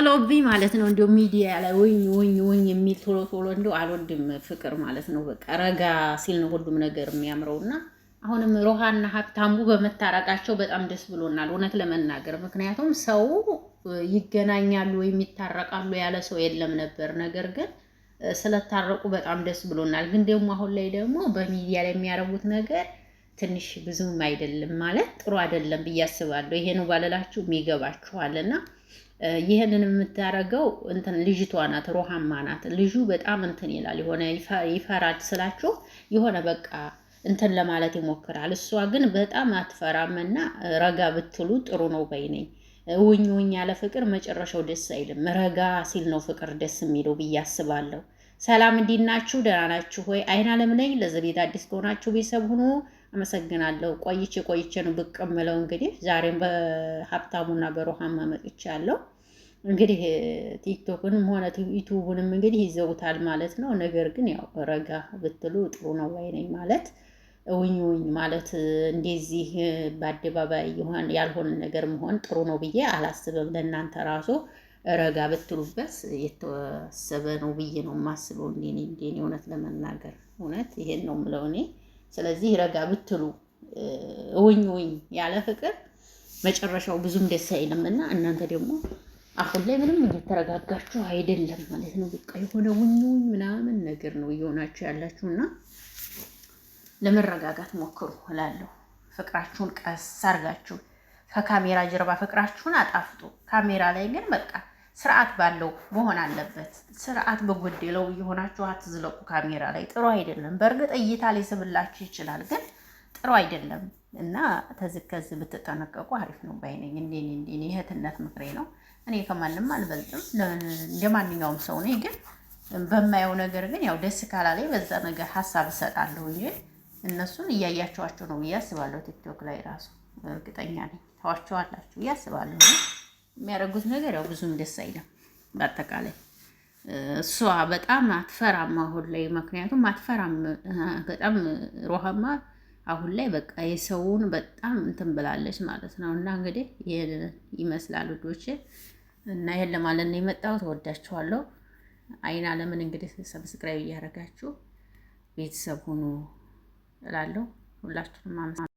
ጥለውብኝ ማለት ነው። እንዲያው ሚዲያ ላይ ወኝ ወኝ ወኝ የሚል ቶሎ ቶሎ እንዲሁ አልወድም ፍቅር ማለት ነው። በቃ ረጋ ሲል ነው ሁሉም ነገር የሚያምረውና አሁንም ሮሃና ሀብታሙ በመታረቃቸው በጣም ደስ ብሎናል፣ እውነት ለመናገር ምክንያቱም ሰው ይገናኛሉ ወይም ይታረቃሉ ያለ ሰው የለም ነበር። ነገር ግን ስለታረቁ በጣም ደስ ብሎናል። ግን ደግሞ አሁን ላይ ደግሞ በሚዲያ ላይ የሚያረጉት ነገር ትንሽ ብዙም አይደለም ማለት ጥሩ አይደለም ብዬ አስባለሁ። ይሄ ነው ባለላችሁ ይገባችኋልና ይህንን የምታደርገው እንትን ልጅቷ ናት፣ ሮሃማ ናት። ልጁ በጣም እንትን ይላል፣ የሆነ ይፈራል ስላችሁ የሆነ በቃ እንትን ለማለት ይሞክራል። እሷ ግን በጣም አትፈራም እና ረጋ ብትሉ ጥሩ ነው በይነኝ። ውኝ ውኝ ያለ ፍቅር መጨረሻው ደስ አይልም። ረጋ ሲል ነው ፍቅር ደስ የሚለው ብዬ አስባለሁ። ሰላም እንዲናችሁ፣ ደህና ናችሁ ሆይ? አይና ለምነኝ ለዘቤት አዲስ ከሆናችሁ ቤተሰብ ሁኑ። አመሰግናለሁ። ቆይቼ ቆይቼ ነው ብቅ ምለው። እንግዲህ ዛሬም በሀብታሙና በሮሃም መጥቻለሁ። እንግዲህ ቲክቶክንም ሆነ ዩቱቡንም እንግዲህ ይዘውታል ማለት ነው። ነገር ግን ያው ረጋ ብትሉ ጥሩ ነው። ነኝ ማለት ውኝ ውኝ ማለት እንደዚህ በአደባባይ ያልሆነ ነገር መሆን ጥሩ ነው ብዬ አላስብም። ለእናንተ ራሱ ረጋ ብትሉበት የተወሰበ ነው ብዬ ነው የማስበው። እንዴኔ እውነት ለመናገር እውነት ይሄን ነው የምለው እኔ ስለዚህ ረጋ ብትሉ ውኝ ውኝ ያለ ፍቅር መጨረሻው ብዙም ደስ አይልም እና እናንተ ደግሞ አሁን ላይ ምንም እየተረጋጋችሁ አይደለም ማለት ነው። በቃ የሆነ ውኝ ውኝ ምናምን ነገር ነው እየሆናችሁ ያላችሁ እና ለመረጋጋት ሞክሩ እላለሁ። ፍቅራችሁን ቀስ አርጋችሁ ከካሜራ ጀርባ ፍቅራችሁን አጣፍጡ። ካሜራ ላይ ግን በቃ ስርዓት ባለው መሆን አለበት። ስርዓት በጎደለው እየሆናችሁ አትዝለቁ። ካሜራ ላይ ጥሩ አይደለም። በእርግጥ እይታ ላይ ስብላችሁ ይችላል፣ ግን ጥሩ አይደለም እና ተዝከዝ ብትጠነቀቁ አሪፍ ነው ባይነኝ። እንዴኔ እንዴኔ እህትነት ምክሬ ነው። እኔ ከማንም አልበልጥም፣ እንደ ማንኛውም ሰው ነኝ። ግን በማየው ነገር ግን ያው ደስ ካላለኝ በዛ ነገር ሀሳብ እሰጣለሁ እንጂ እነሱን እያያቸዋቸው ነው ብዬ አስባለሁ። ቲክቶክ ላይ ራሱ እርግጠኛ ነኝ ታዋቸዋላችሁ ብዬ አስባለሁ። የሚያደርጉት ነገር ያው ብዙም ደስ አይለም። በአጠቃላይ እሷ በጣም አትፈራም አሁን ላይ ምክንያቱም አትፈራም በጣም ሮሃማ አሁን ላይ በቃ የሰውን በጣም እንትን ብላለች ማለት ነው። እና እንግዲህ ይህን ይመስላል ውዶች እና ይህን ለማለት ነው የመጣሁት። ወዳችኋለሁ። አይና ለምን እንግዲህ ሰብስክራይብ እያደረጋችሁ ቤተሰብ ሁኑ እላለሁ። ሁላችሁንም